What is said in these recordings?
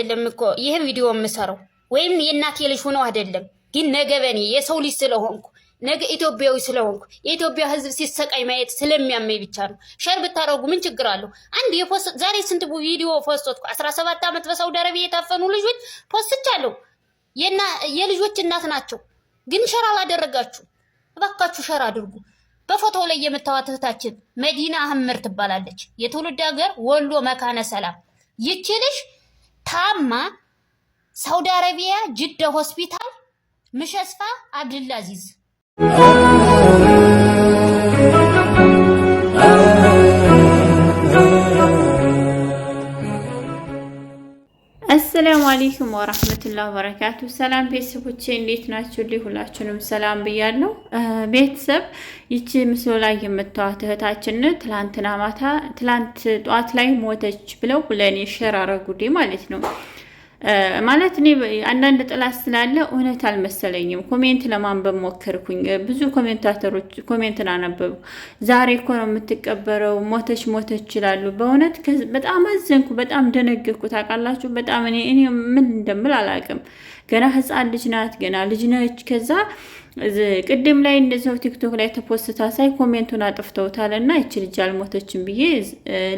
አይደለም እኮ ይህ ቪዲዮ የምሰራው ወይም የእናቴ ልጅ ሆነው አይደለም። ግን ነገ በኔ የሰው ልጅ ስለሆንኩ ነገ ኢትዮጵያዊ ስለሆንኩ የኢትዮጵያ ሕዝብ ሲሰቃይ ማየት ስለሚያመኝ ብቻ ነው። ሸር ብታደረጉ ምን ችግር አለው? አንድ ዛሬ ስንት ቪዲዮ ፖስቶትኩ? አስራ ሰባት ዓመት በሳውዲ አረቢያ የታፈኑ ልጆች ፖስትቻለሁ። የልጆች እናት ናቸው፣ ግን ሸር አላደረጋችሁ። እባካችሁ ሸር አድርጉ። በፎቶው ላይ የምታዋት እህታችን መዲና አህምር ትባላለች። የትውልድ ሀገር ወሎ መካነ ሰላም ይችልሽ ታማ ሳውዲ አረቢያ ጅደ ሆስፒታል ምሸስፋ አዚዝ። አሰላሙ አሌይኩም ወራህመቱላህ በረካቱ። ሰላም ቤተሰቦቼ እንዴት ናችሁ? ሁላችሁንም ሰላም ብያለሁ። ቤተሰብ ይቺ ምስሉ ላይ የምታዩት እህታችን ትላንትና ማታ ትላንት ጠዋት ላይ ሞተች ብለው ለእኔ ሸር አረጉዴ ማለት ነው። ማለት እኔ አንዳንድ ጥላት ስላለ እውነት አልመሰለኝም። ኮሜንት ለማንበብ ሞከርኩኝ። ብዙ ኮሜንታተሮች ኮሜንትን አነበቡ። ዛሬ እኮ ነው የምትቀበረው፣ ሞተች ሞተች ይችላሉ። በእውነት በጣም አዘንኩ፣ በጣም ደነገኩ። ታውቃላችሁ፣ በጣም እኔ እኔ ምን እንደምል አላውቅም። ገና ህፃን ልጅ ናት፣ ገና ልጅ ነች። ከዛ ቅድም ላይ እንደዚው ቲክቶክ ላይ ተፖስታ ሳይ ኮሜንቱን አጥፍተውታል እና ይች ልጅ አልሞተችም ብዬ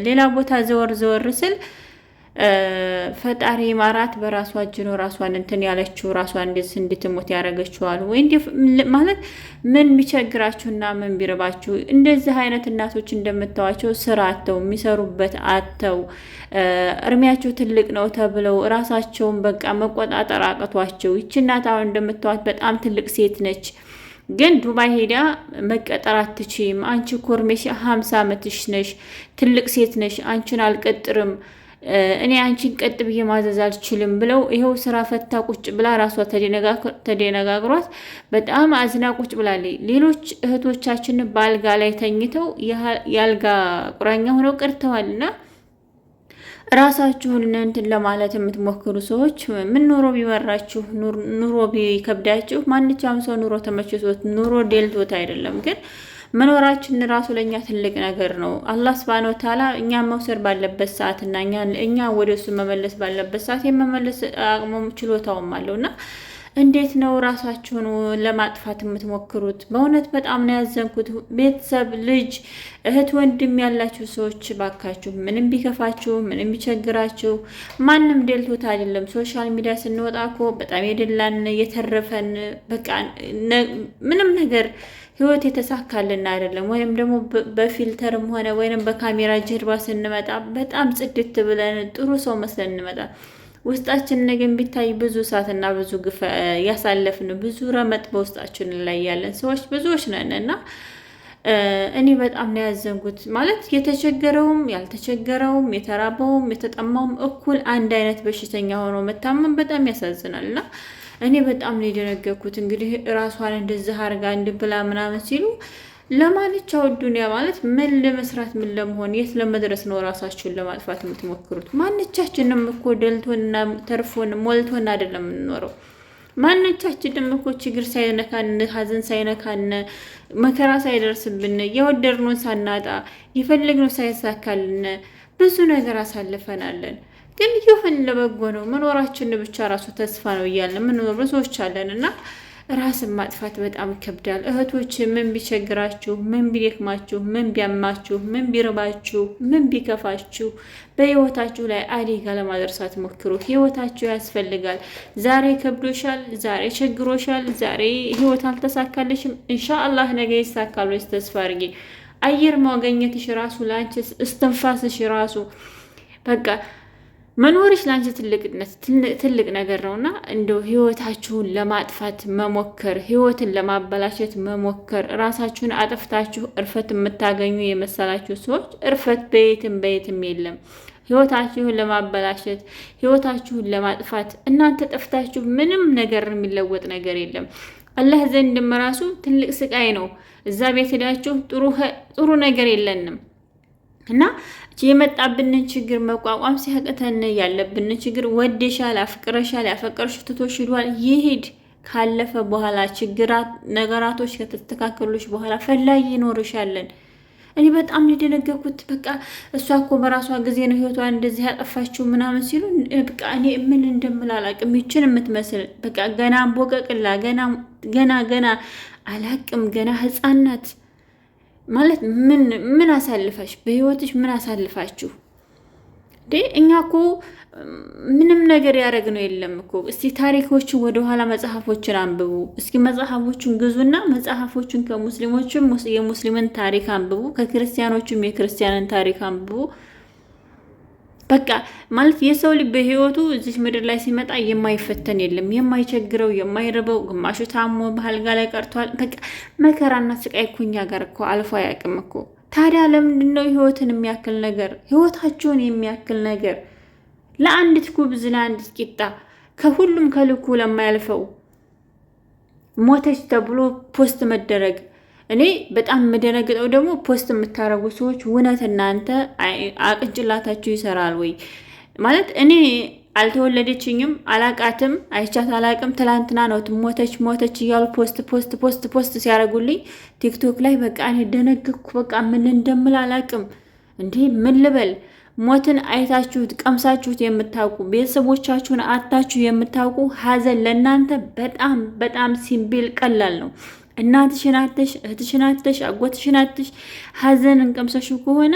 ሌላ ቦታ ዘወር ዘወር ስል ፈጣሪ ማራት በራሷ እጅ ነው። ራሷን እንትን ያለችው ራሷ እንዴት እንድትሞት ያደረገችዋል ወይ ማለት ምን ቢቸግራችሁና ምን ቢርባችሁ እንደዚህ አይነት እናቶች እንደምታዋቸው ስራ አተው የሚሰሩበት አተው እርሚያቸው ትልቅ ነው ተብለው ራሳቸውን በቃ መቆጣጠር አቅቷቸው ይች እናት አሁን እንደምታዋት በጣም ትልቅ ሴት ነች። ግን ዱባይ ሄዳ መቀጠር አትችም። አንቺ ኮርሜሽ ሀምሳ ዓመትሽ ነሽ፣ ትልቅ ሴት ነሽ፣ አንቺን አልቀጥርም እኔ አንቺን ቀጥ ብዬ ማዘዝ አልችልም ብለው ይኸው ስራ ፈታ ቁጭ ብላ ራሷ ተደነጋግሯት በጣም አዝና ቁጭ ብላለች። ሌሎች እህቶቻችን በአልጋ ላይ ተኝተው የአልጋ ቁራኛ ሆነው እና ራሳችሁን እንትን ለማለት የምትሞክሩ ሰዎች ምን ኑሮ ቢመራችሁ ኑሮ ቢከብዳችሁ፣ ማንቻም ሰው ኑሮ ተመችቶት ኑሮ ደልቶት አይደለም ግን መኖራችን ራሱ ለእኛ ትልቅ ነገር ነው። አላህ ስብሃነሁ ወተዓላ እኛ መውሰድ ባለበት ሰዓት እና እኛ ወደ እሱ መመለስ ባለበት ሰዓት የመመለስ አቅሙም ችሎታውም አለው እና እንዴት ነው ራሳችሁን ለማጥፋት የምትሞክሩት? በእውነት በጣም ነው ያዘንኩት። ቤተሰብ፣ ልጅ፣ እህት፣ ወንድም ያላችሁ ሰዎች ባካችሁ፣ ምንም ቢከፋችሁ፣ ምንም ቢቸግራችሁ፣ ማንም ደልቶት አይደለም። ሶሻል ሚዲያ ስንወጣ እኮ በጣም የደላን የተረፈን በቃ ምንም ነገር ህይወት የተሳካልን አይደለም። ወይም ደግሞ በፊልተርም ሆነ ወይም በካሜራ ጀርባ ስንመጣ በጣም ጽድት ብለን ጥሩ ሰው መስለን እንመጣ። ውስጣችን ግን ቢታይ ብዙ እሳትና ብዙ ግፍ ያሳለፍን ብዙ ረመጥ በውስጣችን ላይ ያለን ሰዎች ብዙዎች ነን እና እኔ በጣም ነው ያዘንኩት። ማለት የተቸገረውም ያልተቸገረውም የተራበውም የተጠማውም እኩል አንድ አይነት በሽተኛ ሆኖ መታመን በጣም ያሳዝናል እና እኔ በጣም ነው የደነገኩት። እንግዲህ ራሷን እንደዚህ አርጋ እንድብላ ምናምን ሲሉ ለማለቻው ዱኒያ ማለት ምን ለመስራት ምን ለመሆን የት ለመድረስ ነው ራሳችሁን ለማጥፋት የምትሞክሩት? ማንቻችንም እኮ ደልቶና ተርፎን ሞልቶን አይደለም የምንኖረው። ማንቻችንም እኮ ችግር ሳይነካን፣ ሀዘን ሳይነካን፣ መከራ ሳይደርስብን፣ የወደድነውን ሳናጣ፣ የፈለግነው ሳይሳካልን ብዙ ነገር አሳልፈናለን። ግን ይሁን ለበጎ ነው። መኖራችን ብቻ ራሱ ተስፋ ነው እያለን ምንኖሩ ሰዎች አለን እና ራስን ማጥፋት በጣም ይከብዳል። እህቶች ምን ቢቸግራችሁ፣ ምን ቢደክማችሁ፣ ምን ቢያማችሁ፣ ምን ቢርባችሁ፣ ምን ቢከፋችሁ በህይወታችሁ ላይ አደጋ ለማድረሳት ሞክሩ። ህይወታችሁ ያስፈልጋል። ዛሬ ከብዶሻል፣ ዛሬ ቸግሮሻል፣ ዛሬ ህይወት አልተሳካለሽም። እንሻአላህ ነገ ይሳካል ወይስ ተስፋ አድርጊ። አየር ማገኘትሽ ራሱ ለአንቺ እስትንፋስሽ ራሱ በቃ መኖርሽ ለአንቺ ትልቅ ነገር ነውና እንደው ህይወታችሁን ለማጥፋት መሞከር፣ ህይወትን ለማበላሸት መሞከር፣ ራሳችሁን አጥፍታችሁ እርፈት የምታገኙ የመሰላችሁ ሰዎች እርፈት በየትም በየትም የለም። ህይወታችሁን ለማበላሸት ህይወታችሁን ለማጥፋት እናንተ ጠፍታችሁ ምንም ነገር የሚለወጥ ነገር የለም። አላህ ዘንድም ራሱ ትልቅ ስቃይ ነው። እዛ ቤት ሄዳችሁ ጥሩ ነገር የለንም እና የመጣብንን ችግር መቋቋም ሲያቅተን ያለብን ችግር ወደሻል፣ አፍቅረሻል፣ ያፈቀርሽ ትቶሽ ሂዷል። ይሄድ ካለፈ በኋላ ችግራት ነገራቶች ከተስተካከሉሽ በኋላ ፈላጊ ይኖርሻለን። እኔ በጣም እንደደነገኩት በቃ እሷ እኮ በራሷ ጊዜ ነው ህይወቷን እንደዚህ ያጠፋችው ምናምን ሲሉ በቃ እኔ ምን እንደምላላቅም ይችን የምትመስል በቃ ገና ቦቀቅላ ገና ገና ገና አላቅም ገና ህፃናት ማለት ምን ምን አሳልፈሽ በህይወትሽ ምን አሳልፋችሁ ዴ እኛ እኮ ምንም ነገር ያደረግነው የለም እኮ። እስቲ ታሪኮችን ወደኋላ መጽሐፎችን አንብቡ። እስኪ መጽሐፎቹን ግዙና መጽሐፎቹን ከሙስሊሞችም የሙስሊምን ታሪክ አንብቡ፣ ከክርስቲያኖችም የክርስቲያንን ታሪክ አንብቡ። በቃ ማለት የሰው ልብ በህይወቱ እዚች ምድር ላይ ሲመጣ የማይፈተን የለም፣ የማይቸግረው የማይርበው፣ ግማሹ ታሞ በአልጋ ላይ ቀርቷል። በቃ መከራና ስቃይ ኩኛ ጋር እኮ አልፎ አያውቅም እኮ። ታዲያ ለምንድን ነው ህይወትን የሚያክል ነገር ህይወታቸውን የሚያክል ነገር ለአንዲት ጉብዝ ለአንዲት ቂጣ ከሁሉም ከልኩ ለማያልፈው ሞተች ተብሎ ፖስት መደረግ እኔ በጣም የምደነግጠው ደግሞ ፖስት የምታደርጉ ሰዎች እውነት እናንተ አቅንጭላታችሁ ይሰራል ወይ ማለት እኔ አልተወለደችኝም አላቃትም አይቻት አላቅም ትላንትና ነው ሞተች ሞተች እያሉ ፖስት ፖስት ፖስት ፖስት ሲያደርጉልኝ ቲክቶክ ላይ በቃ እኔ ደነግኩ። በቃ ምን እንደምል አላቅም። እንዴ ምን ልበል? ሞትን አይታችሁት ቀምሳችሁት የምታውቁ ቤተሰቦቻችሁን አታችሁ የምታውቁ ሀዘን ለእናንተ በጣም በጣም ሲምቢል ቀላል ነው። እናትሽን አተሽ እህትሽን አተሽ አጎትሽን አተሽ ሀዘን እንቀምሰሽ ከሆነ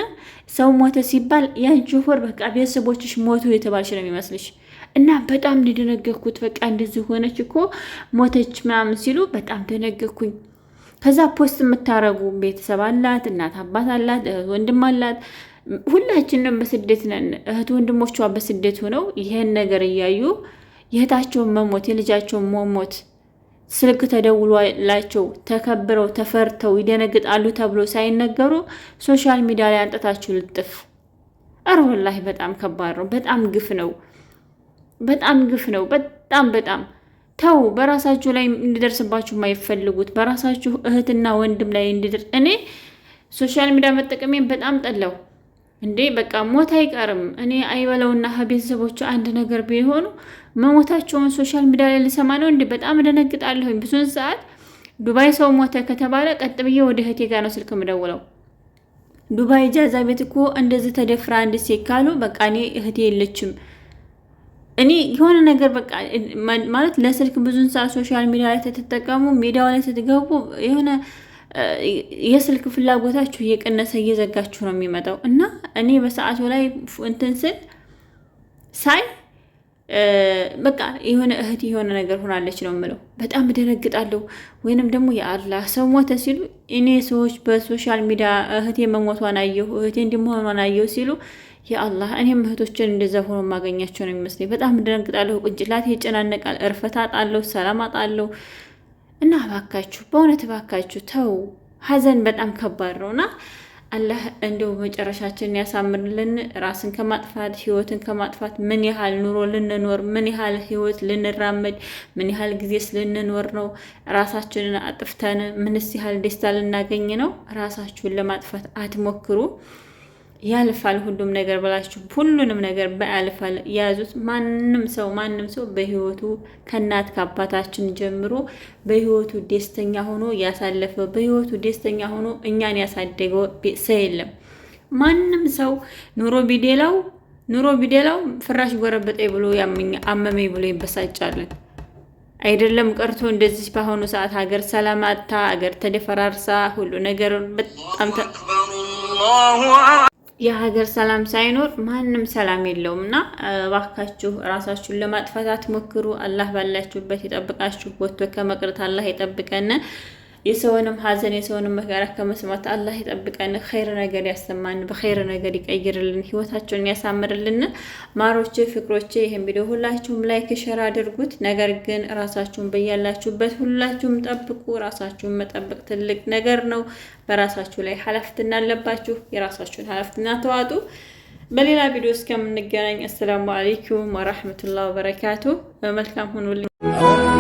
ሰው ሞተ ሲባል ያንቺ ሆር በቃ ቤተሰቦችሽ ሞቱ የተባልሽ ነው የሚመስልሽ። እና በጣም እንደደነገግኩት በቃ እንደዚህ ሆነች እኮ ሞተች ምናምን ሲሉ በጣም ደነገኩኝ። ከዛ ፖስት የምታረጉ ቤተሰብ አላት፣ እናት አባት አላት፣ እህት ወንድም አላት። ሁላችንም በስደት ነን። እህት ወንድሞቿ በስደት ሆነው ይህን ነገር እያዩ የእህታቸውን መሞት የልጃቸውን መሞት ስልክ ተደውሏላቸው ተከብረው ተፈርተው ይደነግጣሉ ተብሎ ሳይነገሩ ሶሻል ሚዲያ ላይ አንጠታችሁ ልጥፍ። ኧረ ወላሂ በጣም ከባድ ነው። በጣም ግፍ ነው። በጣም ግፍ ነው። በጣም በጣም ተው። በራሳችሁ ላይ እንዲደርስባችሁ የማይፈልጉት በራሳችሁ እህትና ወንድም ላይ እንዲደርስ እኔ ሶሻል ሚዲያ መጠቀሜን በጣም ጠላው። እንዴ በቃ ሞት አይቀርም። እኔ አይበለውና ቤተሰቦቹ አንድ ነገር ቢሆኑ መሞታቸውን ሶሻል ሚዲያ ላይ ልሰማ ነው እንዴ? በጣም እደነግጣለሁኝ። ብዙን ሰዓት ዱባይ ሰው ሞተ ከተባለ ቀጥ ብዬ ወደ እህቴ ጋር ነው ስልክ ምደውለው። ዱባይ ጃዛ ቤት እኮ እንደዚህ ተደፍራ አንድ ሴት ካሉ በቃ እኔ እህቴ የለችም። እኔ የሆነ ነገር በቃ ማለት ለስልክ ብዙን ሰዓት ሶሻል ሚዲያ ላይ ስትጠቀሙ ሚዲያው ላይ ስትገቡ የሆነ የስልክ ፍላጎታችሁ እየቀነሰ እየዘጋችሁ ነው የሚመጣው እና እኔ በሰዓቱ ላይ እንትን ስል ሳይ በቃ የሆነ እህት የሆነ ነገር ሆናለች ነው የምለው። በጣም እደነግጣለሁ። ወይንም ደግሞ የአላህ ሰው ሞተ ሲሉ እኔ ሰዎች በሶሻል ሚዲያ እህቴ መሞቷን አየሁ፣ እህቴ እንዲመሆኗን አየሁ ሲሉ የአላህ እኔም እህቶችን እንደዛ ሆኖ የማገኛቸው ነው የሚመስለኝ። በጣም እደነግጣለሁ። ቅንጭላት ይጨናነቃል። እርፈት አጣለሁ፣ ሰላም አጣለሁ። እና እባካችሁ በእውነት እባካችሁ ተው። ሀዘን በጣም ከባድ ነውና አላህ እንደው መጨረሻችንን ያሳምርልን። ራስን ከማጥፋት ህይወትን ከማጥፋት ምን ያህል ኑሮ ልንኖር ምን ያህል ህይወት ልንራመድ ምን ያህል ጊዜስ ልንኖር ነው? ራሳችንን አጥፍተን ምንስ ያህል ደስታ ልናገኝ ነው? ራሳችሁን ለማጥፋት አትሞክሩ። ያልፋል ሁሉም ነገር ብላችሁ ሁሉንም ነገር በያልፋል ያዙት። ማንም ሰው ማንም ሰው በህይወቱ ከእናት ከአባታችን ጀምሮ በህይወቱ ደስተኛ ሆኖ ያሳለፈው በህይወቱ ደስተኛ ሆኖ እኛን ያሳደገው ሰው የለም። ማንም ሰው ኑሮ ቢደላው ኑሮ ቢደላው ፍራሽ ጎረበጠ ብሎ አመመኝ ብሎ ይበሳጫለን። አይደለም ቀርቶ እንደዚህ በአሁኑ ሰዓት ሀገር ሰላም አጥታ ሀገር ተደፈራርሳ ሁሉ ነገር በጣም የሀገር ሰላም ሳይኖር ማንም ሰላም የለውም እና እባካችሁ ራሳችሁን ለማጥፋት አትሞክሩ። አላህ ባላችሁበት የጠብቃችሁ፣ ወጥቶ ከመቅረት አላህ የጠብቀን። የሰውንም ሀዘን የሰውንም መከራ ከመስማት አላህ ይጠብቀን፣ ኸይር ነገር ያሰማን፣ በኸይር ነገር ይቀይርልን፣ ህይወታቸውን ያሳምርልን። ማሮቼ ፍቅሮቼ፣ ይህን ቪዲዮ ሁላችሁም ላይክ ሸር አድርጉት። ነገር ግን ራሳችሁን በያላችሁበት ሁላችሁም ጠብቁ። ራሳችሁን መጠበቅ ትልቅ ነገር ነው። በራሳችሁ ላይ ኃላፊነት አለባችሁ። የራሳችሁን ኃላፊነት ተዋጡ። በሌላ ቪዲዮ እስከምንገናኝ አሰላሙ አለይኩም ወራህመቱላሂ ወበረካቱ። መልካም ሁኑልኝ።